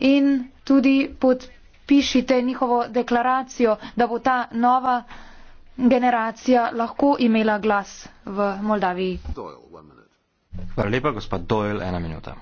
in tudi podpišite njihovo deklaracijo, da bo ta nova generacija lahko imela glas v Moldaviji. Hvala lepa, gospod Doyle, ena minuta.